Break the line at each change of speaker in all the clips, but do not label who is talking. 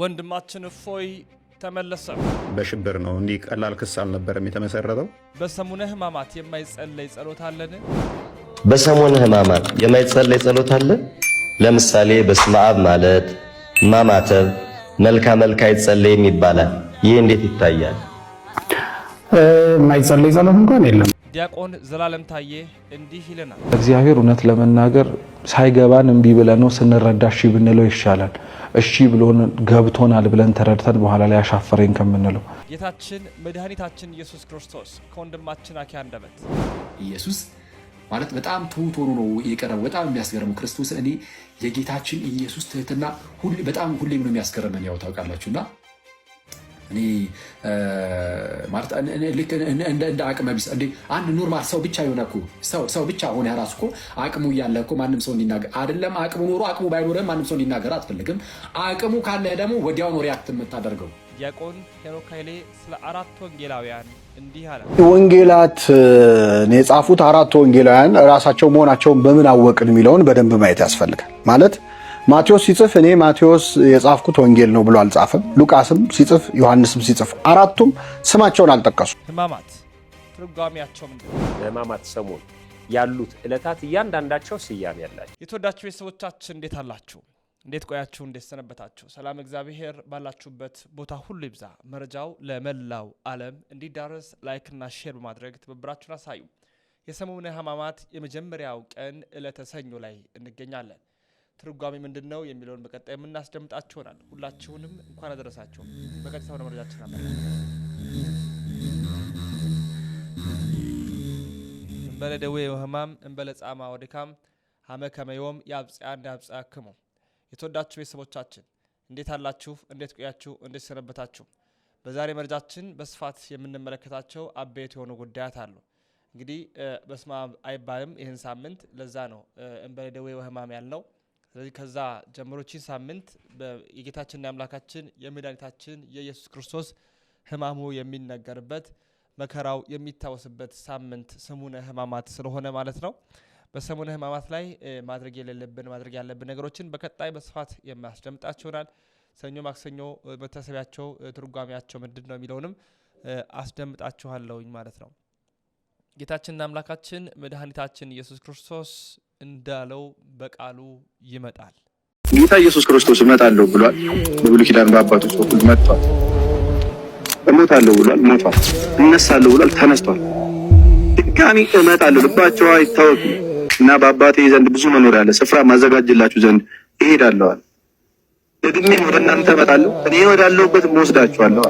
ወንድማችን እፎይ ተመለሰ።
በሽብር ነው እንዲህ ቀላል ክስ አልነበረም የተመሰረተው።
በሰሙነ ሕማማት የማይጸለይ ጸሎት አለን?
በሰሙነ ሕማማት የማይጸለይ ጸሎት አለ? ለምሳሌ በስመ አብ ማለት ማማተብ፣ መልካ መልካ አይጸለይም ይባላል። ይህ እንዴት ይታያል?
የማይጸለይ ጸሎት እንኳን የለም።
ዲያቆን ዘላለም ታዬ እንዲህ ይለናል።
እግዚአብሔር እውነት ለመናገር ሳይገባን እምቢ ብለነው ስንረዳ እሺ ብንለው ይሻላል። እሺ ብሎን ገብቶናል ብለን ተረድተን በኋላ ላይ አሻፈረኝ ከምንለው
ጌታችን መድኃኒታችን ኢየሱስ ክርስቶስ ከወንድማችን አኪ አንደበት
ኢየሱስ ማለት በጣም ትሁት ሆኖ ነው የቀረበው። በጣም የሚያስገርመው ክርስቶስ እኔ የጌታችን ኢየሱስ ትህትና በጣም ሁሌም ነው የሚያስገርመን ያው ታውቃላችሁና እንደ አቅመ ቢስ አንድ ኖርማል ሰው ብቻ የሆነ እኮ ሰው ብቻ ሆነ ያራሱ እኮ አቅሙ እያለ እኮ ማንም ሰው እንዲናገር አይደለም። አቅሙ ኖሮ አቅሙ ባይኖረም ማንም ሰው እንዲናገር አትፈልግም። አቅሙ ካለ ደግሞ ወዲያውኑ ሪያክት የምታደርገው
ዲያቆን ሄኖክ ኃይሌ ስለ አራት ወንጌላውያን እንዲህ አለ።
ወንጌላት የጻፉት አራት ወንጌላውያን ራሳቸው መሆናቸውን በምን አወቅን የሚለውን በደንብ ማየት ያስፈልጋል ማለት ማቴዎስ ሲጽፍ እኔ ማቴዎስ የጻፍኩት ወንጌል ነው ብሎ አልጻፈም። ሉቃስም ሲጽፍ፣ ዮሐንስም ሲጽፍ አራቱም ስማቸውን አልጠቀሱም።
ህማማት ትርጓሚያቸው ምንድን
ነው? ሰሞን ያሉት ዕለታት እያንዳንዳቸው ስያሜ ያላቸው።
የተወዳችሁ ቤተሰቦቻችን እንዴት አላችሁ? እንዴት ቆያችሁ? እንዴት ሰነበታችሁ? ሰላም እግዚአብሔር ባላችሁበት ቦታ ሁሉ ይብዛ። መረጃው ለመላው ዓለም እንዲዳረስ ላይክና ሼር በማድረግ ትብብራችሁን አሳዩ። የሰሙነ ህማማት የመጀመሪያው ቀን ዕለተ ሰኞ ላይ እንገኛለን። ትርጓሜ ምንድን ነው የሚለውን በቀጣይ የምናስደምጣችሁ ይሆናል። ሁላችሁንም እንኳን አደረሳችሁ። በቀጥታ ወደ መረጃችን አለ። እንበለ ደዌ ወሕማም እንበለ ጻማ ወድካም ሀመ ከመዮም የአብጽያን ክሙ። የተወዳችሁ ቤተሰቦቻችን እንዴት አላችሁ? እንዴት ቆያችሁ? እንዴት ሰነበታችሁ? በዛሬ መረጃችን በስፋት የምንመለከታቸው አበይት የሆኑ ጉዳያት አሉ። እንግዲህ በስማ አይባልም ይህን ሳምንት ለዛ ነው እንበለ ደዌ ወሕማም ያልነው። ስለዚህ ከዛ ጀምሮችን ሳምንት የጌታችንና የአምላካችን የመድኃኒታችን የኢየሱስ ክርስቶስ ህማሙ የሚነገርበት መከራው የሚታወስበት ሳምንት ሰሙነ ህማማት ስለሆነ ማለት ነው። በሰሙነ ህማማት ላይ ማድረግ የሌለብን ማድረግ ያለብን ነገሮችን በቀጣይ በስፋት የሚያስደምጣችሁ ይሆናል። ሰኞ፣ ማክሰኞ መታሰቢያቸው ትርጓሜያቸው ምንድን ነው የሚለውንም አስደምጣችኋለውኝ ማለት ነው። ጌታችንና አምላካችን መድኃኒታችን ኢየሱስ ክርስቶስ እንዳለው በቃሉ ይመጣል።
ጌታ ኢየሱስ ክርስቶስ እመጣለሁ ብሏል። በብሉይ ኪዳን በአባቶች በኩል መጥቷል። እሞታለሁ ብሏል፣ ሞቷል። እነሳለሁ ብሏል፣ ተነስቷል። ድጋሚ እመጣለሁ። ልባቸው አይታወቅ እና በአባቴ ዘንድ ብዙ መኖሪያ አለ፣ ስፍራ ማዘጋጅላችሁ ዘንድ እሄዳለሁ። ደግሜ ወደ እናንተ እመጣለሁ፣ እኔ ወዳለሁበት እወስዳችኋለሁ።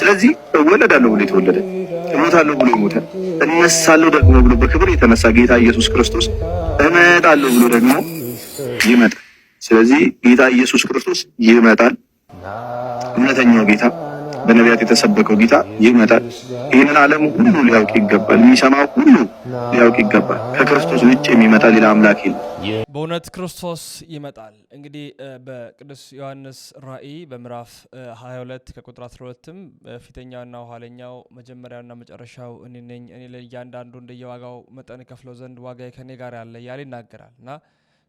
ስለዚህ እወለዳለሁ ብሎ የተወለደ እሞታለሁ ብሎ የሞተ እነሳለሁ ደግሞ ብሎ በክብር የተነሳ ጌታ ኢየሱስ ክርስቶስ እመጣለሁ ብሎ ደግሞ ይመጣል። ስለዚህ ጌታ ኢየሱስ ክርስቶስ ይመጣል፣ እውነተኛው ጌታ በነቢያት የተሰበከው ጌታ ይመጣል። ይህንን ዓለም ሁሉ ሊያውቅ ይገባል። የሚሰማው ሁሉ ሊያውቅ ይገባል። ከክርስቶስ ውጭ የሚመጣ ሌላ አምላክ የለም።
በእውነት ክርስቶስ ይመጣል። እንግዲህ በቅዱስ ዮሐንስ ራእይ በምዕራፍ 22 ከቁጥር 12ም ፊተኛውና ኋለኛው መጀመሪያውና መጨረሻው እኔ ነኝ፣ እኔ ለእያንዳንዱ እንደየዋጋው መጠን ከፍለው ዘንድ ዋጋ ከኔ ጋር ያለ ያለ ይናገራል እና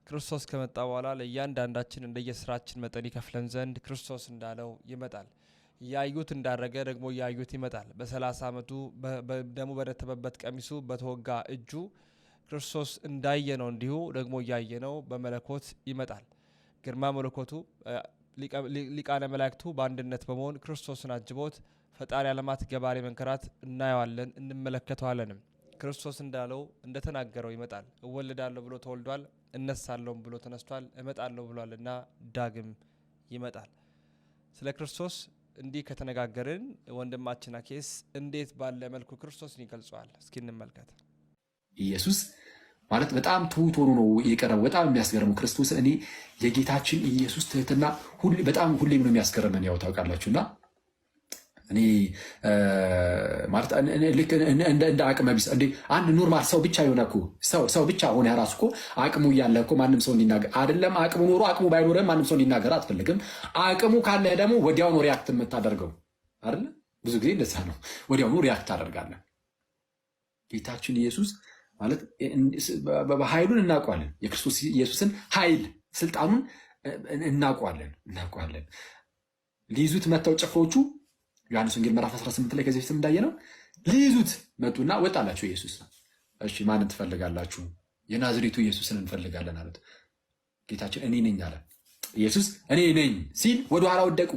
ክርስቶስ ከመጣ በኋላ ለእያንዳንዳችን እንደየስራችን መጠን ይከፍለን ዘንድ ክርስቶስ እንዳለው ይመጣል። ያዩት እንዳረገ ደግሞ ያዩት ይመጣል በሰላሳ ዓመቱ ደሙ በረተበበት ቀሚሱ በተወጋ እጁ ክርስቶስ እንዳየ ነው እንዲሁ ደግሞ እያየ ነው በመለኮት ይመጣል። ግርማ መለኮቱ ሊቃነ መላእክቱ በአንድነት በመሆን ክርስቶስን አጅቦት ፈጣሪ ዓለማት ገባሬ መንከራት እናየዋለን እንመለከተዋለንም። ክርስቶስ እንዳለው እንደተናገረው ይመጣል። እወልዳለሁ ብሎ ተወልዷል። እነሳለሁም ብሎ ተነስቷል። እመጣለሁ ብሏልና ዳግም ይመጣል። ስለ ክርስቶስ እንዲህ ከተነጋገርን ወንድማችን አኬስ እንዴት ባለ መልኩ ክርስቶስን ይገልጸዋል? እስኪ እንመልከት።
ኢየሱስ ማለት በጣም ትሁት ሆኖ ነው የቀረበው። በጣም የሚያስገርመው ክርስቶስ እኔ የጌታችን ኢየሱስ ትህትና በጣም ሁሌም ነው የሚያስገርመን። ያው ታውቃላችሁና እኔ ማለት እንደ አቅመ ቢስ አንድ ኖርማል ሰው ብቻ የሆነ እኮ ሰው ብቻ ሆነ ራሱ እኮ አቅሙ እያለ እኮ ማንም ሰው እንዲናገር አይደለም። አቅሙ ኖሮ አቅሙ ባይኖርም ማንም ሰው እንዲናገር አትፈልግም። አቅሙ ካለ ደግሞ ወዲያውኑ ሪያክት የምታደርገው አይደለ? ብዙ ጊዜ እንደዛ ነው። ወዲያውኑ ሪያክት አደርጋለን። ጌታችን ኢየሱስ ማለት በኃይሉን እናውቋለን። የክርስቶስ ኢየሱስን ኃይል ስልጣኑን እናቋለን እናውቋለን። ሊይዙት መጥተው ጭፍሮቹ ዮሐንስ ወንጌል ምዕራፍ 18 ላይ ከዚህ በፊት ነው። ሊይዙት መጡና ወጣላቸው ኢየሱስ እሺ ማንን ትፈልጋላችሁ? የናዝሬቱ ኢየሱስን እንፈልጋለን አሉት። ጌታችን እኔ ነኝ አለ። ኢየሱስ እኔ ነኝ ሲል ወደኋላ ወደቁ።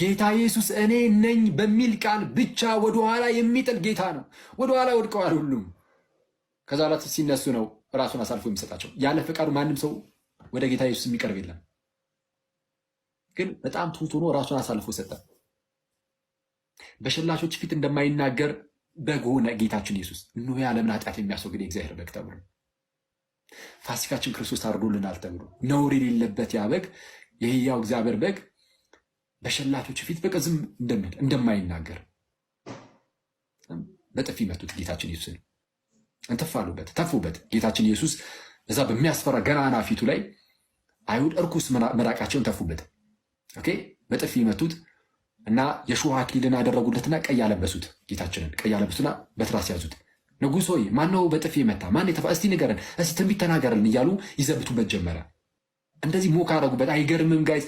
ጌታ ኢየሱስ እኔ ነኝ በሚል ቃል ብቻ ወደኋላ የሚጥል ጌታ ነው። ወደኋላ ወድቀዋል ሁሉም። ከዛ ላት ሲነሱ ነው ራሱን አሳልፎ የሚሰጣቸው። ያለ ፈቃዱ ማንም ሰው ወደ ጌታ ኢየሱስ የሚቀርብ የለም። ግን በጣም ትሁት ሆኖ ራሱን አሳልፎ ሰጠ። በሸላቾች ፊት እንደማይናገር በግ ሆነ ጌታችን ኢየሱስ። እነሆ የዓለምን ኃጢአት የሚያስወግድ የእግዚአብሔር በግ ተብሎ ፋሲካችን ክርስቶስ አርዶልናል ተብሎ ነውር የሌለበት ያ በግ የሕያው እግዚአብሔር በግ በሸላቾች ፊት በቃ ዝም እንደሚል እንደማይናገር በጥፊ መቱት ጌታችን ኢየሱስን። እንተፋሉበት ተፉበት። ጌታችን ኢየሱስ እዛ በሚያስፈራ ገናና ፊቱ ላይ አይሁድ እርኩስ መራቃቸውን ተፉበት። ኦኬ በጥፊ መቱት። እና የእሾህ አክሊልን አደረጉለትና ቀይ ያለበሱት ጌታችንን ቀይ አለበሱና በትራስ ያዙት። ንጉሥ ሆይ ማነው በጥፊ መታ? ማን የተፋ? እስቲ ንገረን፣ እስቲ ትንቢት ተናገረልን እያሉ ይዘብቱበት ጀመረ። እንደዚህ ሞካ አረጉበት። አይገርምም ጋይዝ?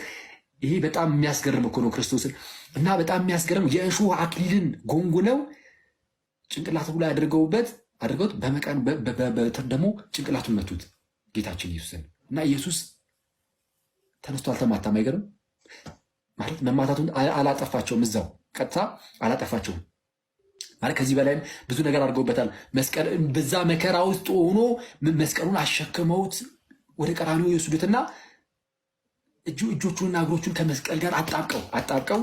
ይሄ በጣም የሚያስገርም እኮ ነው ክርስቶስን እና በጣም የሚያስገርም የእሾህ አክሊልን ጎንጉነው ጭንቅላቱ ላይ አድርገውበት አድርገውት በመቃን በበትር ደግሞ ጭንቅላቱን መቱት ጌታችን ኢየሱስን እና ኢየሱስ ተነስቶ አልተማታም። አይገርም? ማለት መማታቱን አላጠፋቸውም፣ እዛው ቀጥታ አላጠፋቸውም። ማለት ከዚህ በላይም ብዙ ነገር አድርገውበታል። በዛ መከራ ውስጥ ሆኖ መስቀሉን አሸክመውት ወደ ቀራንዮ የወሰዱትና እጆቹንና እግሮቹን ከመስቀል ጋር አጣብቀው አጣብቀው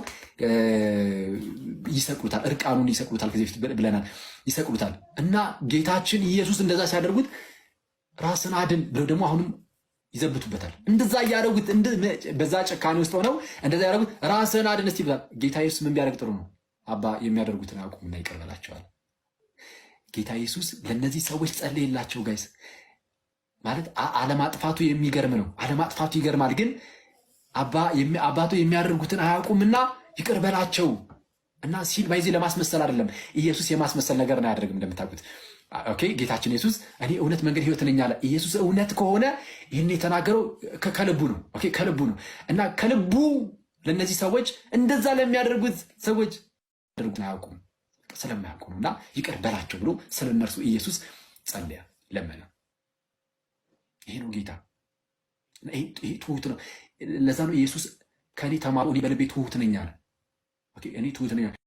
ይሰቅሉታል። እርቃኑን ይሰቅሉታል። ከዚህ በፊት ብለናል፣ ይሰቅሉታል እና ጌታችን ኢየሱስ እንደዛ ሲያደርጉት ራስን አድን ብለው ደግሞ አሁንም ይዘብቱበታል። እንደዛ እያደረጉት በዛ ጭካኔ ውስጥ ሆነው እንደዛ ያደረጉት ራስህን አድን እስቲ ይብላል። ጌታ ኢየሱስ ምን ቢያደርግ ጥሩ ነው? አባ የሚያደርጉትን አቁሙና ይቅር ጌታ ኢየሱስ ለእነዚህ ሰዎች ጸለየላቸው። ጋይስ ማለት አለማጥፋቱ የሚገርም ነው። አለማጥፋቱ ይገርማል። ግን አባቱ የሚያደርጉትን አያውቁምና ይቅር በላቸው እና ሲል ባይዜ ለማስመሰል አይደለም። ኢየሱስ የማስመሰል ነገር ነው አያደርግም እንደምታውቁት ኦኬ ጌታችን ኢየሱስ እኔ እውነት መንገድ ህይወት ነኝ አለ። ኢየሱስ እውነት ከሆነ ይህን የተናገረው ከልቡ ነው። ኦኬ ከልቡ ነው እና ከልቡ ለእነዚህ ሰዎች እንደዛ ለሚያደርጉት ሰዎች አድርጉት አያውቁም ስለማያውቁ ነው እና ይቅር በላቸው ብሎ ስለ እነርሱ ኢየሱስ ጸለየ፣ ለመነ። ይሄ ነው ጌታ፣ ይሄ ትሁት ነው። ለዛ ነው ኢየሱስ ከእኔ ተማሩ፣ እኔ በልቤ ትሁት ነኝ አለ።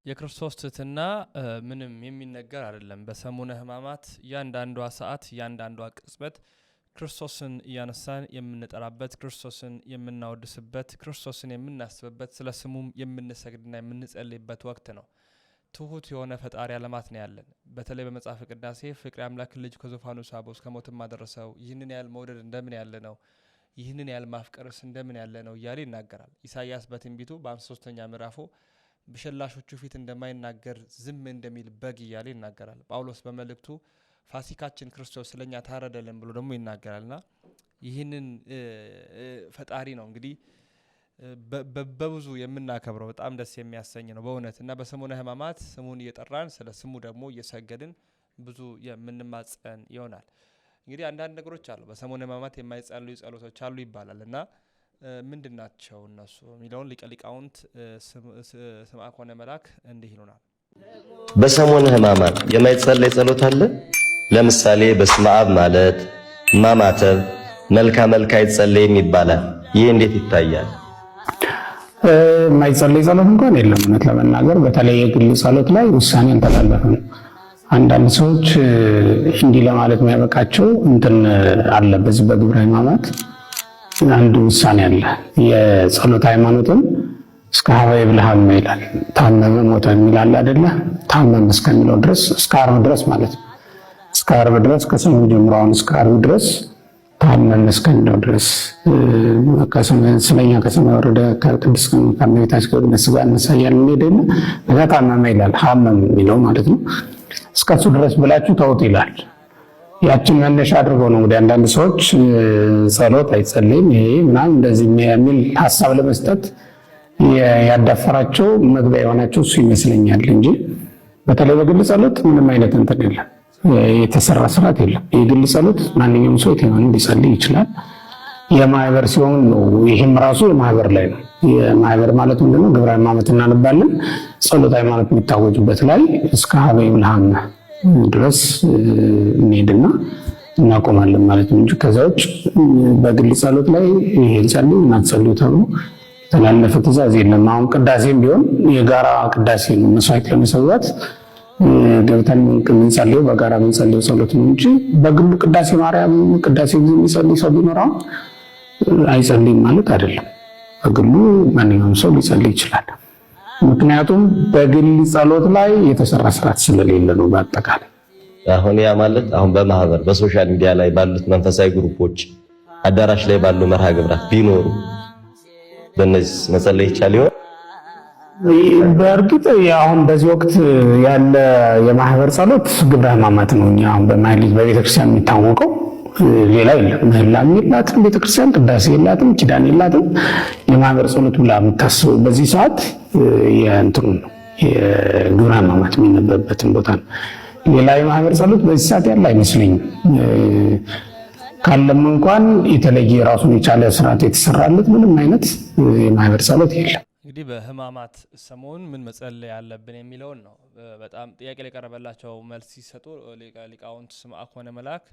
የክርስቶስ ትህትና ምንም የሚነገር አይደለም። በሰሙነ ሕማማት እያንዳንዷ ሰዓት፣ እያንዳንዷ ቅጽበት ክርስቶስን እያነሳን የምንጠራበት፣ ክርስቶስን የምናወድስበት፣ ክርስቶስን የምናስብበት፣ ስለ ስሙም የምንሰግድና የምንጸልይበት ወቅት ነው። ትሁት የሆነ ፈጣሪ አለማት ነው ያለን። በተለይ በመጽሐፍ ቅዳሴ ፍቅሬ አምላክን ልጅ ከዙፋኑ ሳቦ እስከ ሞትም አደረሰው፣ ይህንን ያህል መውደድ እንደምን ያለ ነው ይህንን ያህል ማፍቀርስ እንደምን ያለ ነው እያለ ይናገራል። ኢሳያስ በትንቢቱ በአምስት ሶስተኛ ምዕራፉ በሸላሾቹ ፊት እንደማይናገር ዝም እንደሚል በግ እያለ ይናገራል። ጳውሎስ በመልእክቱ ፋሲካችን ክርስቶስ ስለኛ ታረደልን ብሎ ደግሞ ይናገራልና ይህንን ፈጣሪ ነው እንግዲህ በብዙ የምናከብረው በጣም ደስ የሚያሰኝ ነው በእውነት እና በሰሙነ ሕማማት ስሙን እየጠራን ስለ ስሙ ደግሞ እየሰገድን ብዙ የምንማጸን ይሆናል። እንግዲህ አንዳንድ ነገሮች አሉ። በሰሙነ ሕማማት የማይጸልዩ ጸሎቶች አሉ ይባላል እና ምንድን ናቸው እነሱ የሚለውን ሊቀ ሊቃውንት ስምዐኮነ መላክ እንዲህ ይሉናል።
በሰሞነ ሕማማት የማይጸለይ ጸሎት አለ። ለምሳሌ በስመ አብ ማለት ማማተብ፣ መልካ መልካ አይጸለይም ይባላል። ይህ እንዴት ይታያል?
የማይጸለይ ጸሎት እንኳን የለም። እውነት ለመናገር በተለይ የግል ጸሎት ላይ ውሳኔ አልተላለፍም። አንዳንድ ሰዎች እንዲህ ለማለት የሚያበቃቸው እንትን አለ በዚህ በግብረ ሕማማት አንድ ውሳኔ አለ። የጸሎት ሃይማኖትም እስከ ሀበይ ብልሃም ይላል። ታመመ ሞተ የሚል አደለ? ታመመ እስከሚለው ድረስ እስከ አርብ ድረስ ማለት ነው። እስከ አርብ ድረስ ከሰሙ ጀምሮ አሁን እስከ አርብ ድረስ ታመመ እስከሚለው ድረስ ስለኛ ከሰማይ ወረደ ከቅድስት ከእመቤታችን ከወደደ ስጋ እንሳያል የሚሄድ የለ እዛ ታመመ ይላል። ሀመም የሚለው ማለት ነው። እስከሱ ድረስ ብላችሁ ተውት ይላል። ያችን መነሻ አድርጎ ነው እንግዲህ አንዳንድ ሰዎች ጸሎት አይጸልይም ይሄ ምናምን እንደዚህ የሚል ሀሳብ ለመስጠት ያዳፈራቸው መግቢያ የሆናቸው እሱ ይመስለኛል እንጂ በተለይ በግል ጸሎት ምንም አይነት እንትን የለም፣ የተሰራ ስርዓት የለም። የግል ጸሎት ማንኛውም ሰው ቴኖን እንዲጸልይ ይችላል። የማህበር ሲሆን ነው ይህም ራሱ የማህበር ላይ ነው። የማህበር ማለት ምንድነው? ግብረ ሃይማኖት እናነባለን። ጸሎት ሃይማኖት የሚታወጅበት ላይ እስከ ሀበይ ብልሃም ድረስ እንሄድና እናቆማለን ማለት ነው እንጂ ከዛ ውጭ በግል ጸሎት ላይ ይሄን ጸልዩ እናት ተብሎ የተላለፈ ትእዛዝ የለም። አሁን ቅዳሴም ቢሆን የጋራ ቅዳሴ ነው። መስዋዕት ለመሰዋት ገብተን የምንጸልየው በጋራ የምንጸልየው ጸሎት ነው እንጂ በግሉ ቅዳሴ ማርያም ቅዳሴ ጊዜ የሚጸልይ ሰው ቢኖር አሁን አይጸልይም ማለት አይደለም። በግሉ ማንኛውም ሰው ሊጸልይ ይችላል። ምክንያቱም በግል ጸሎት ላይ የተሰራ ስርዓት ስለሌለ ነው። በአጠቃላይ
አሁን ያ ማለት አሁን በማህበር በሶሻል ሚዲያ ላይ ባሉት መንፈሳዊ ግሩፖች አዳራሽ ላይ ባሉ መርሃ ግብራት ቢኖሩ በእነዚህ መጸለይ ይቻል ይሆን?
በእርግጥ አሁን በዚህ ወቅት ያለ የማህበር ጸሎት ግብረ ሕማማት ነው። እኛ አሁን በማህሌት በቤተክርስቲያን የሚታወቀው ሌላ የለም። ምህላም የላትም፣ ቤተክርስቲያን ቅዳሴ የላትም፣ ኪዳን የላትም። የማህበር ጸሎት ብላ የምታስበው በዚህ ሰዓት የእንትኑ ነው የግብረ ሕማማት የሚነበብበትን ቦታ ነው። ሌላ የማህበር ጸሎት በዚህ ሰዓት ያለ አይመስለኝም። ካለም እንኳን የተለየ ራሱን የቻለ ስርዓት የተሰራለት ምንም አይነት የማህበር ጸሎት የለም።
እንግዲህ በሕማማት ሰሞን ምን መጸለይ ያለብን የሚለውን ነው። በጣም ጥያቄ ሊቀረበላቸው ቀረበላቸው መልስ ሲሰጡ ሊቃውንት ስምዐኮነ መልአክ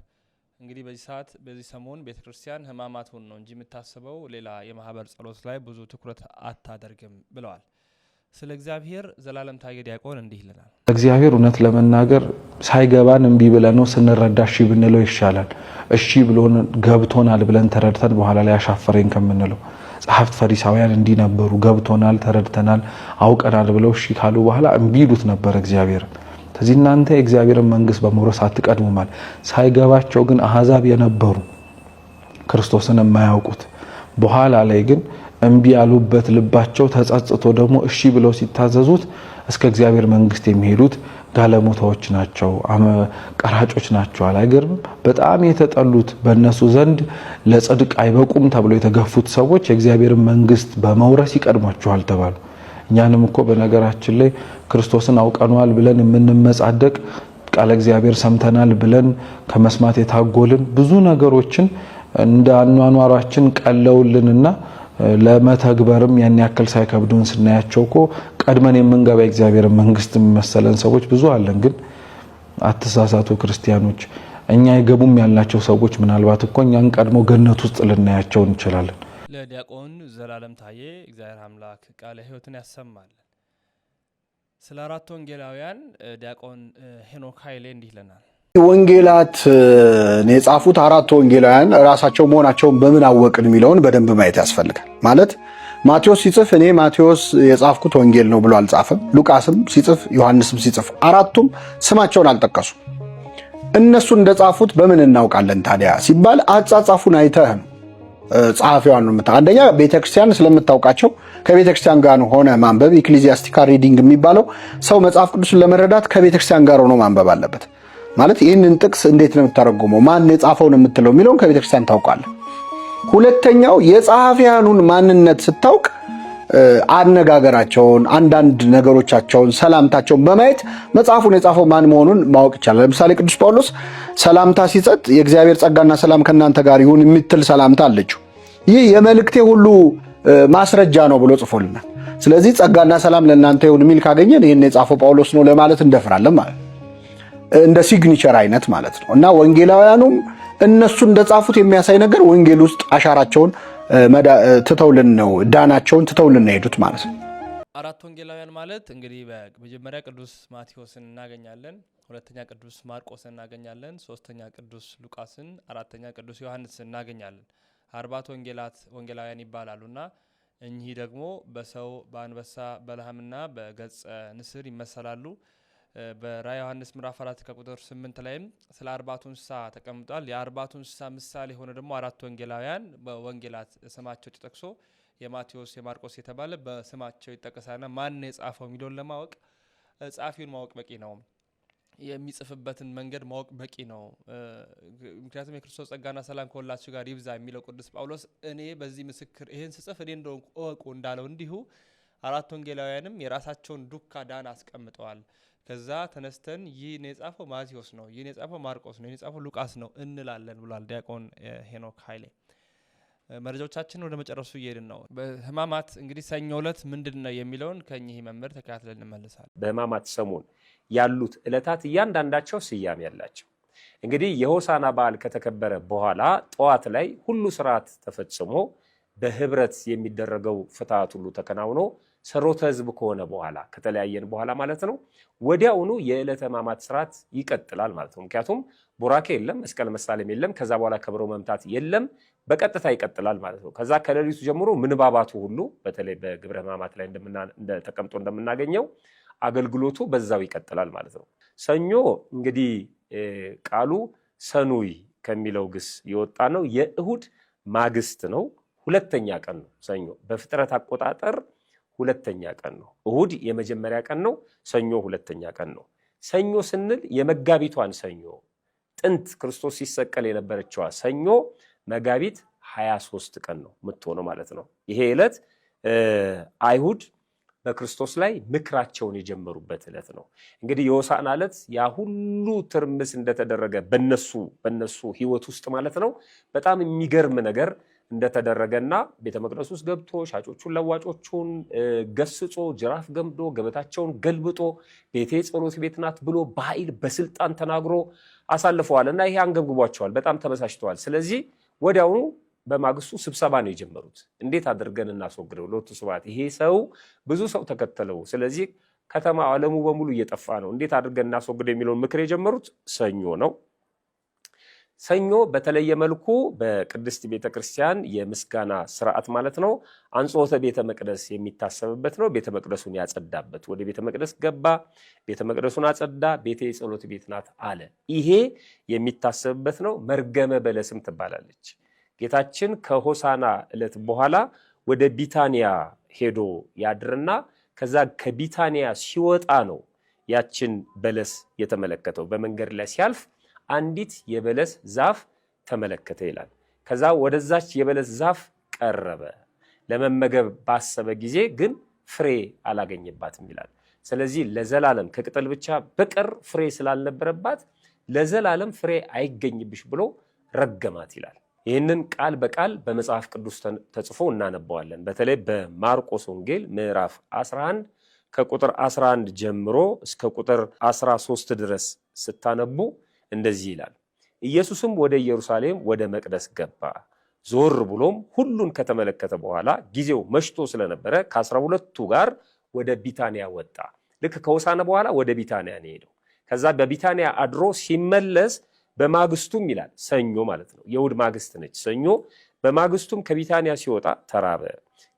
እንግዲህ በዚህ ሰዓት በዚህ ሰሞን ቤተ ክርስቲያን ሕማማቱን ነው እንጂ የምታስበው ሌላ የማህበር ጸሎት ላይ ብዙ ትኩረት አታደርግም ብለዋል። ስለ እግዚአብሔር ዘላለም ታየ ዲያቆን እንዲህ ይለናል።
እግዚአብሔር እውነት ለመናገር ሳይገባን እምቢ ብለን ነው ስንረዳ እሺ ብንለው ይሻላል። እሺ ብሎን ገብቶናል ብለን ተረድተን በኋላ ላይ አሻፈረኝ ከምንለው ጸሐፍት ፈሪሳውያን እንዲህ ነበሩ። ገብቶናል፣ ተረድተናል፣ አውቀናል ብለው እሺ ካሉ በኋላ እምቢ ይሉት ነበር እግዚአብሔርን ስለዚህ እናንተ የእግዚአብሔርን መንግስት በመውረስ አትቀድሙማል። ሳይገባቸው ግን አህዛብ የነበሩ ክርስቶስን የማያውቁት በኋላ ላይ ግን እምቢ ያሉበት ልባቸው ተጸጽቶ ደግሞ እሺ ብለው ሲታዘዙት እስከ እግዚአብሔር መንግስት የሚሄዱት ጋለሞታዎች ናቸው፣ ቀራጮች ናቸው። አይገርምም? በጣም የተጠሉት በእነሱ ዘንድ ለጽድቅ አይበቁም ተብሎ የተገፉት ሰዎች የእግዚአብሔርን መንግስት በመውረስ ይቀድሟችኋል ተባሉ። እኛንም እኮ በነገራችን ላይ ክርስቶስን አውቀነዋል ብለን የምንመጻደቅ ቃለ እግዚአብሔር ሰምተናል ብለን ከመስማት የታጎልን ብዙ ነገሮችን እንደ አኗኗራችን ቀለውልንና ለመተግበርም ያን ያክል ሳይከብዱን ስናያቸው እኮ ቀድመን የምንገባ እግዚአብሔር መንግስት የሚመሰለን ሰዎች ብዙ አለን። ግን አትሳሳቱ ክርስቲያኖች፣ እኛ አይገቡም ያልናቸው ሰዎች ምናልባት እኮ እኛን ቀድሞ ገነት ውስጥ ልናያቸው እንችላለን።
ለዲያቆን ዘላለም ታዬ እግዚአብሔር አምላክ ቃለ ሕይወትን ያሰማልን። ስለ አራት ወንጌላውያን ዲያቆን ሄኖክ ኃይሌ እንዲህ ይለናል።
ወንጌላት የጻፉት አራት ወንጌላውያን ራሳቸው መሆናቸውን በምን አወቅን የሚለውን በደንብ ማየት ያስፈልጋል። ማለት ማቴዎስ ሲጽፍ እኔ ማቴዎስ የጻፍኩት ወንጌል ነው ብሎ አልጻፈም። ሉቃስም ሲጽፍ፣ ዮሐንስም ሲጽፍ አራቱም ስማቸውን አልጠቀሱም። እነሱ እንደጻፉት በምን እናውቃለን ታዲያ ሲባል አጻጻፉን አይተህ ነው ጸሐፊዋን ነው የምታ አንደኛ ቤተክርስቲያን ስለምታውቃቸው ከቤተክርስቲያን ጋር ሆነ ማንበብ ኢክሊዚያስቲካ ሪዲንግ የሚባለው ሰው መጽሐፍ ቅዱስን ለመረዳት ከቤተክርስቲያን ጋር ሆኖ ማንበብ አለበት። ማለት ይህንን ጥቅስ እንዴት ነው የምታረጉመው፣ ማን የጻፈው ነው የምትለው የሚለውን ከቤተክርስቲያን ታውቃለህ። ሁለተኛው የጸሐፊያኑን ማንነት ስታውቅ አነጋገራቸውን፣ አንዳንድ ነገሮቻቸውን፣ ሰላምታቸውን በማየት መጽሐፉን የጻፈው ማን መሆኑን ማወቅ ይቻላል። ለምሳሌ ቅዱስ ጳውሎስ ሰላምታ ሲሰጥ የእግዚአብሔር ጸጋና ሰላም ከእናንተ ጋር ይሁን የምትል ሰላምታ አለችው። ይህ የመልእክቴ ሁሉ ማስረጃ ነው ብሎ ጽፎልናል። ስለዚህ ጸጋና ሰላም ለእናንተ ይሁን የሚል ካገኘን ይህን የጻፈው ጳውሎስ ነው ለማለት እንደፍራለን ማለት እንደ ሲግኒቸር አይነት ማለት ነው እና ወንጌላውያኑም እነሱ እንደጻፉት የሚያሳይ ነገር ወንጌል ውስጥ አሻራቸውን ትተውልን ነው ዳናቸውን ትተውልን ነው የሄዱት ማለት ነው።
አራት ወንጌላውያን ማለት እንግዲህ በመጀመሪያ ቅዱስ ማቴዎስን እናገኛለን፣ ሁለተኛ ቅዱስ ማርቆስን እናገኛለን፣ ሶስተኛ ቅዱስ ሉቃስን፣ አራተኛ ቅዱስ ዮሐንስን እናገኛለን። አርባት ወንጌላት ወንጌላውያን ይባላሉና እኚህ ደግሞ በሰው በአንበሳ በለሐምና በገጸ ንስር ይመሰላሉ። በራ ዮሐንስ ምዕራፍ አራት ከቁጥር ስምንት ላይም ስለ አርባቱ እንስሳ ተቀምጧል። የአርባቱ እንስሳ ምሳሌ የሆነ ደግሞ አራት ወንጌላውያን በወንጌላት ስማቸው ተጠቅሶ የማቴዎስ፣ የማርቆስ የተባለ በስማቸው ይጠቀሳልና ማን የጻፈው የሚለውን ለማወቅ ጻፊውን ማወቅ በቂ ነው። የሚጽፍበትን መንገድ ማወቅ በቂ ነው። ምክንያቱም የክርስቶስ ጸጋና ሰላም ከሁላችሁ ጋር ይብዛ የሚለው ቅዱስ ጳውሎስ እኔ በዚህ ምስክር ይህን ስጽፍ እኔ እንደ እወቁ እንዳለው እንዲሁ አራት ወንጌላውያንም የራሳቸውን ዱካ ዳን አስቀምጠዋል። ከዛ ተነስተን ይህን የጻፈው ማቴዎስ ነው፣ ይህን የጻፈው ማርቆስ ነው፣ ይህን የጻፈው ሉቃስ ነው እንላለን ብሏል ዲያቆን ሄኖክ ኃይሌ። መረጃዎቻችን ወደ መጨረሱ እየሄድን ነው። በህማማት እንግዲህ ሰኞ ዕለት ምንድን ነው የሚለውን ከኚህ መምህር ተከታትለን እንመልሳለን።
በህማማት ሰሞን ያሉት ዕለታት እያንዳንዳቸው ስያሜ ያላቸው እንግዲህ የሆሳና በዓል ከተከበረ በኋላ ጠዋት ላይ ሁሉ ስርዓት ተፈጽሞ በህብረት የሚደረገው ፍትሐት ሁሉ ተከናውኖ ሰሮተ ህዝብ ከሆነ በኋላ ከተለያየን በኋላ ማለት ነው ወዲያውኑ የዕለተ ሕማማት ስርዓት ይቀጥላል ማለት ነው። ምክንያቱም ቡራኬ የለም፣ መስቀል መሳለም የለም፣ ከዛ በኋላ ከበሮ መምታት የለም፣ በቀጥታ ይቀጥላል ማለት ነው። ከዛ ከሌሊቱ ጀምሮ ምንባባቱ ሁሉ በተለይ በግብረ ሕማማት ላይ ተቀምጦ እንደምናገኘው አገልግሎቱ በዛው ይቀጥላል ማለት ነው። ሰኞ እንግዲህ ቃሉ ሰኑይ ከሚለው ግስ የወጣ ነው። የእሁድ ማግስት ነው። ሁለተኛ ቀን ነው ሰኞ በፍጥረት አቆጣጠር ሁለተኛ ቀን ነው። እሁድ የመጀመሪያ ቀን ነው። ሰኞ ሁለተኛ ቀን ነው። ሰኞ ስንል የመጋቢቷን ሰኞ ጥንት ክርስቶስ ሲሰቀል የነበረችዋ ሰኞ መጋቢት 23 ቀን ነው የምትሆነው ማለት ነው። ይሄ ዕለት አይሁድ በክርስቶስ ላይ ምክራቸውን የጀመሩበት ዕለት ነው። እንግዲህ የሆሳዕና ዕለት ያ ሁሉ ትርምስ እንደተደረገ በነሱ በነሱ ህይወት ውስጥ ማለት ነው በጣም የሚገርም ነገር እንደተደረገና ቤተ መቅደስ ውስጥ ገብቶ ሻጮቹን ለዋጮቹን ገስጾ ጅራፍ ገምዶ ገበታቸውን ገልብጦ ቤቴ ጸሎት ቤት ናት ብሎ በኃይል በስልጣን ተናግሮ አሳልፈዋል እና ይሄ አንገብግቧቸዋል። በጣም ተበሳጭተዋል። ስለዚህ ወዲያውኑ በማግስቱ ስብሰባ ነው የጀመሩት። እንዴት አድርገን እናስወግደው ሎቱ ስብሐት፣ ይሄ ሰው ብዙ ሰው ተከተለው፣ ስለዚህ ከተማ አለሙ በሙሉ እየጠፋ ነው፣ እንዴት አድርገን እናስወግደው የሚለውን ምክር የጀመሩት ሰኞ ነው። ሰኞ በተለየ መልኩ በቅድስት ቤተ ክርስቲያን የምስጋና ስርዓት ማለት ነው አንጾተ ቤተ መቅደስ የሚታሰብበት ነው። ቤተ መቅደሱን ያጸዳበት ወደ ቤተ መቅደስ ገባ፣ ቤተ መቅደሱን አጸዳ፣ ቤቴ የጸሎት ቤት ናት አለ። ይሄ የሚታሰብበት ነው። መርገመ በለስም ትባላለች። ጌታችን ከሆሳና ዕለት በኋላ ወደ ቢታንያ ሄዶ ያድርና ከዛ ከቢታንያ ሲወጣ ነው ያችን በለስ የተመለከተው በመንገድ ላይ ሲያልፍ አንዲት የበለስ ዛፍ ተመለከተ ይላል። ከዛ ወደዛች የበለስ ዛፍ ቀረበ። ለመመገብ ባሰበ ጊዜ ግን ፍሬ አላገኘባትም ይላል። ስለዚህ ለዘላለም ከቅጠል ብቻ በቀር ፍሬ ስላልነበረባት ለዘላለም ፍሬ አይገኝብሽ ብሎ ረገማት ይላል። ይህንን ቃል በቃል በመጽሐፍ ቅዱስ ተጽፎ እናነባዋለን። በተለይ በማርቆስ ወንጌል ምዕራፍ 11 ከቁጥር 11 ጀምሮ እስከ ቁጥር 13 ድረስ ስታነቡ እንደዚህ ይላል። ኢየሱስም ወደ ኢየሩሳሌም ወደ መቅደስ ገባ። ዞር ብሎም ሁሉን ከተመለከተ በኋላ ጊዜው መሽቶ ስለነበረ ከአስራ ሁለቱ ጋር ወደ ቢታንያ ወጣ። ልክ ከውሳነ በኋላ ወደ ቢታንያ ነው የሄደው። ከዛ በቢታንያ አድሮ ሲመለስ በማግስቱም ይላል ሰኞ ማለት ነው፣ የእሑድ ማግስት ነች ሰኞ። በማግስቱም ከቢታንያ ሲወጣ ተራበ።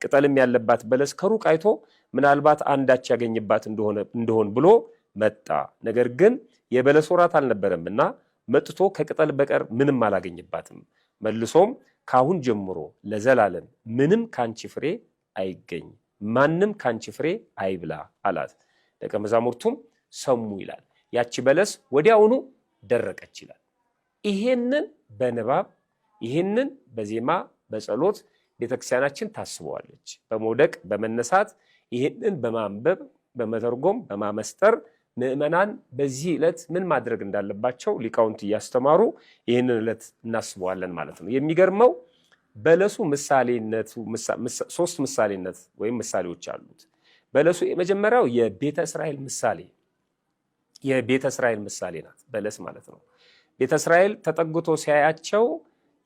ቅጠልም ያለባት በለስ ከሩቅ አይቶ ምናልባት አንዳች ያገኝባት እንደሆን ብሎ መጣ። ነገር ግን የበለስ ወራት አልነበረም እና መጥቶ ከቅጠል በቀር ምንም አላገኝባትም። መልሶም ካሁን ጀምሮ ለዘላለም ምንም ከአንቺ ፍሬ አይገኝ፣ ማንም ከአንቺ ፍሬ አይብላ አላት። ደቀ መዛሙርቱም ሰሙ ይላል። ያቺ በለስ ወዲያውኑ ደረቀች ይላል። ይሄንን በንባብ ይሄንን በዜማ በጸሎት ቤተክርስቲያናችን ታስበዋለች። በመውደቅ በመነሳት ይሄንን በማንበብ በመተርጎም በማመስጠር ምዕመናን በዚህ ዕለት ምን ማድረግ እንዳለባቸው ሊቃውንት እያስተማሩ ይህንን ዕለት እናስበዋለን ማለት ነው። የሚገርመው በለሱ ምሳሌነቱ ሶስት ምሳሌነት ወይም ምሳሌዎች አሉት። በለሱ የመጀመሪያው የቤተ እስራኤል ምሳሌ የቤተ እስራኤል ምሳሌ ናት፣ በለስ ማለት ነው። ቤተ እስራኤል ተጠግቶ ሲያያቸው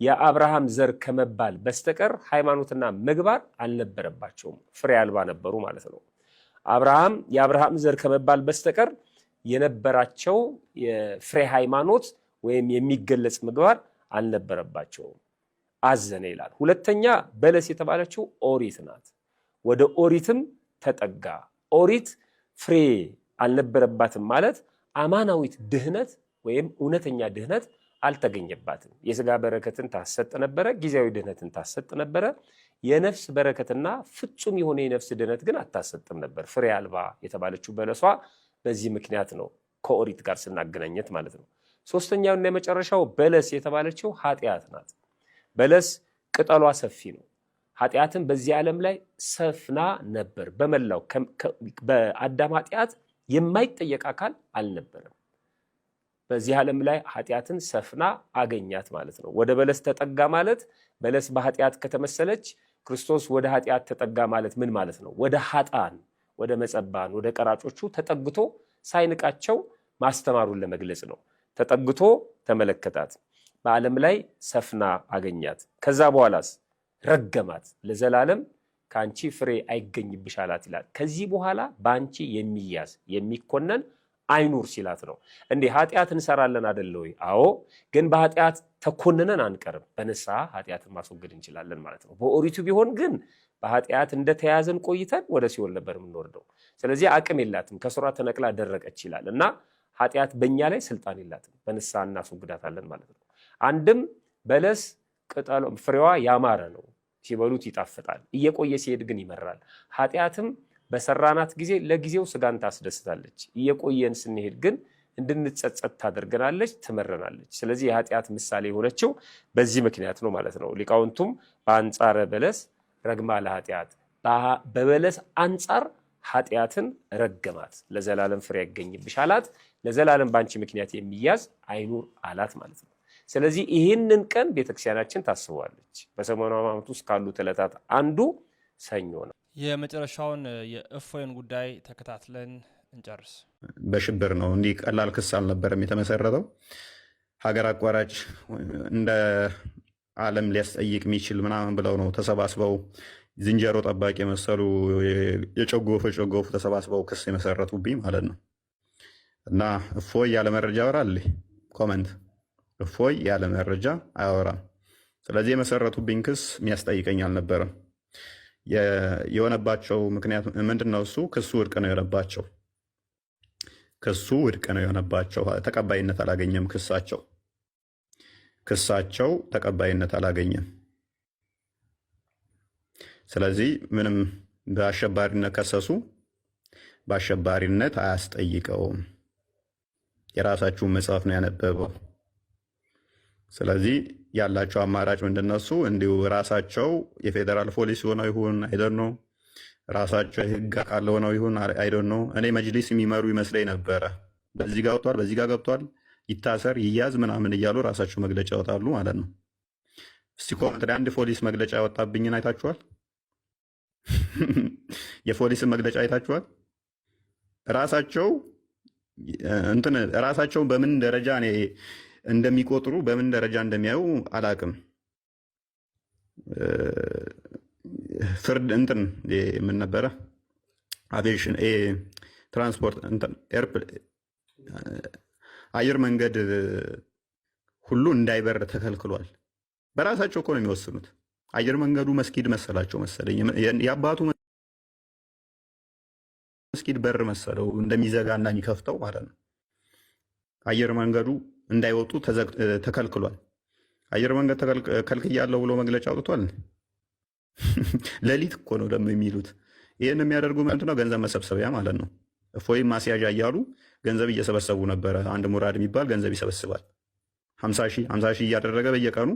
የአብርሃም ዘር ከመባል በስተቀር ሃይማኖትና ምግባር አልነበረባቸውም፣ ፍሬ አልባ ነበሩ ማለት ነው። አብርሃም የአብርሃም ዘር ከመባል በስተቀር የነበራቸው የፍሬ ሃይማኖት ወይም የሚገለጽ ምግባር አልነበረባቸውም። አዘነ ይላል። ሁለተኛ በለስ የተባለችው ኦሪት ናት። ወደ ኦሪትም ተጠጋ። ኦሪት ፍሬ አልነበረባትም ማለት አማናዊት ድህነት ወይም እውነተኛ ድህነት አልተገኘባትም። የስጋ በረከትን ታሰጥ ነበረ፣ ጊዜያዊ ድህነትን ታሰጥ ነበረ። የነፍስ በረከትና ፍጹም የሆነ የነፍስ ድህነት ግን አታሰጥም ነበር። ፍሬ አልባ የተባለችው በለሷ በዚህ ምክንያት ነው፣ ከኦሪት ጋር ስናገናኘት ማለት ነው። ሶስተኛውና የመጨረሻው በለስ የተባለችው ኃጢአት ናት። በለስ ቅጠሏ ሰፊ ነው። ኃጢአትን በዚህ ዓለም ላይ ሰፍና ነበር። በመላው በአዳም ኃጢአት የማይጠየቅ አካል አልነበረም። በዚህ ዓለም ላይ ኃጢአትን ሰፍና አገኛት ማለት ነው። ወደ በለስ ተጠጋ ማለት በለስ በኃጢአት ከተመሰለች ክርስቶስ ወደ ኃጢአት ተጠጋ ማለት ምን ማለት ነው? ወደ ሀጣን፣ ወደ መጸባን፣ ወደ ቀራጮቹ ተጠግቶ ሳይንቃቸው ማስተማሩን ለመግለጽ ነው። ተጠግቶ ተመለከታት፣ በዓለም ላይ ሰፍና አገኛት። ከዛ በኋላስ ረገማት፣ ለዘላለም ከአንቺ ፍሬ አይገኝብሻላት ይላል። ከዚህ በኋላ በአንቺ የሚያዝ የሚኮነን አይኑር ሲላት ነው። እንዴ ኃጢአት እንሰራለን አደለ ወይ? አዎ። ግን በኃጢአት ተኮንነን አንቀርም። በንስሐ ኃጢአትን ማስወገድ እንችላለን ማለት ነው። በኦሪቱ ቢሆን ግን በኃጢአት እንደተያዘን ቆይተን ወደ ሲኦል ነበር የምንወርደው። ስለዚህ አቅም የላትም ከስራ ተነቅላ ደረቀች ይላል እና ኃጢአት በእኛ ላይ ስልጣን የላትም። በንስሐ እናስወግዳታለን ማለት ነው። አንድም በለስ ቅጠሎ ፍሬዋ ያማረ ነው፣ ሲበሉት ይጣፍጣል፣ እየቆየ ሲሄድ ግን ይመራል። ኃጢአትም በሰራናት ጊዜ ለጊዜው ስጋን ታስደስታለች። እየቆየን ስንሄድ ግን እንድንጸጸት ታደርገናለች፣ ትመረናለች። ስለዚህ የኃጢአት ምሳሌ የሆነችው በዚህ ምክንያት ነው ማለት ነው። ሊቃውንቱም በአንጻረ በለስ ረግማ ለኃጢአት በበለስ አንጻር ኃጢአትን ረገማት፣ ለዘላለም ፍሬ ያገኝብሽ አላት። ለዘላለም በአንቺ ምክንያት የሚያዝ አይኑር አላት ማለት ነው። ስለዚህ ይህንን ቀን ቤተክርስቲያናችን ታስበዋለች። በሰሞኑ ዓመት ውስጥ ካሉት ዕለታት አንዱ ሰኞ ነው።
የመጨረሻውን የእፎይን ጉዳይ ተከታትለን እንጨርስ።
በሽብር ነው እንዲህ ቀላል ክስ አልነበረም የተመሰረተው። ሀገር አቋራጭ እንደ ዓለም ሊያስጠይቅ የሚችል ምናምን ብለው ነው ተሰባስበው ዝንጀሮ ጠባቂ የመሰሉ የጨጎፉ የጨጎፉ ተሰባስበው ክስ የመሰረቱብኝ ማለት ነው። እና እፎይ ያለ መረጃ ያወራል። ኮመንት እፎይ ያለ መረጃ አያወራም። ስለዚህ የመሰረቱብኝ ክስ የሚያስጠይቀኝ አልነበረም። የሆነባቸው ምክንያት ምንድን ነው? እሱ ክሱ ውድቅ ነው የሆነባቸው። ክሱ ውድቅ ነው የሆነባቸው። ተቀባይነት አላገኘም ክሳቸው ክሳቸው ተቀባይነት አላገኘም። ስለዚህ ምንም በአሸባሪነት ከሰሱ፣ በአሸባሪነት አያስጠይቀውም። የራሳችሁን መጽሐፍ ነው ያነበበው። ስለዚህ ያላቸው አማራጭ ምንድነሱ? እንዲሁ ራሳቸው የፌዴራል ፖሊስ ሆነው ይሁን አይደን ነው ራሳቸው የህግ አካል ሆነው ይሁን አይደን ነው። እኔ መጅሊስ የሚመሩ ይመስለኝ ነበረ። በዚህ ጋ ወጥቷል፣ በዚህ ጋ ገብቷል፣ ይታሰር ይያዝ ምናምን እያሉ ራሳቸው መግለጫ ያወጣሉ ማለት ነው። እስቲ ኮምትሪ አንድ ፖሊስ መግለጫ ያወጣብኝን አይታችኋል? የፖሊስን መግለጫ አይታችኋል? ራሳቸው እንትን ራሳቸው በምን ደረጃ እኔ እንደሚቆጥሩ በምን ደረጃ እንደሚያዩ አላቅም። ፍርድ እንትን ምን ነበረ አቪዬሽን ትራንስፖርት አየር መንገድ ሁሉ እንዳይበር ተከልክሏል። በራሳቸው እኮ ነው የሚወስኑት። አየር መንገዱ መስጊድ መሰላቸው መሰለኝ፣ የአባቱ መስጊድ በር መሰለው እንደሚዘጋና የሚከፍተው ማለት ነው አየር መንገዱ እንዳይወጡ ተከልክሏል። አየር መንገድ ከልክያለሁ ብሎ መግለጫ አውጥቷል። ሌሊት እኮ ነው ደግሞ የሚሉት። ይህን የሚያደርጉ ምንድን ነው? ገንዘብ መሰብሰቢያ ማለት ነው። እፎይም ማስያዣ እያሉ ገንዘብ እየሰበሰቡ ነበረ። አንድ ሙራድ የሚባል ገንዘብ ይሰበስባል። ሀምሳ ሺህ ሀምሳ ሺህ እያደረገ በየቀኑ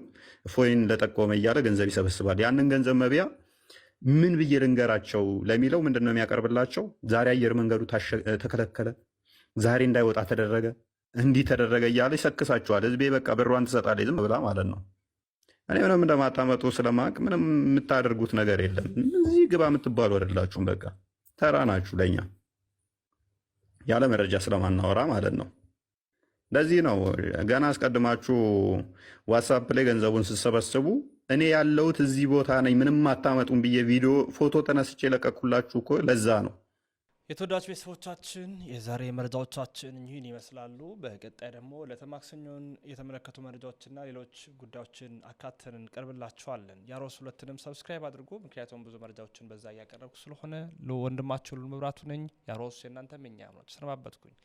እፎይን ለጠቆመ እያለ ገንዘብ ይሰበስባል። ያንን ገንዘብ መብያ ምን ብዬ ልንገራቸው ለሚለው ምንድን ነው የሚያቀርብላቸው? ዛሬ አየር መንገዱ ተከለከለ፣ ዛሬ እንዳይወጣ ተደረገ፣ እንዲህ ተደረገ እያለች ሰክሳችኋል። ህዝቤ በቃ ብሯን ትሰጣለች ዝም ብላ ማለት ነው። እኔ ምንም እንደማታመጡ ስለማቅ ምንም የምታደርጉት ነገር የለም። እዚህ ግባ የምትባሉ አይደላችሁም። በቃ ተራ ናችሁ ለእኛ ያለ መረጃ ስለማናወራ ማለት ነው። ለዚህ ነው ገና አስቀድማችሁ ዋትሳፕ ላይ ገንዘቡን ስትሰበስቡ እኔ ያለሁት እዚህ ቦታ ነኝ ምንም አታመጡም ብዬ ቪዲዮ ፎቶ ተነስቼ ለቀኩላችሁ እኮ ለዛ ነው።
የተወዳጅ ቤተሰቦቻችን የዛሬ መረጃዎቻችን ይህን ይመስላሉ። በቀጣይ ደግሞ ለተማክሰኞን የተመለከቱ መረጃዎችና ሌሎች ጉዳዮችን አካተን እንቀርብላችኋለን። ያሮስ ሁለትንም ሰብስክራይብ አድርጉ፣ ምክንያቱም ብዙ መረጃዎችን በዛ እያቀረብኩ ስለሆነ። ወንድማችሁ ሉል መብራቱ ነኝ። ያሮስ የእናንተ ምኛ ነው። ተሰነባበትኩኝ።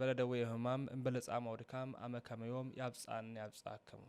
በለደዌ ህማም እንበለጻማው ድካም አመከመዮም ያብጻን ያብጻ አከሙ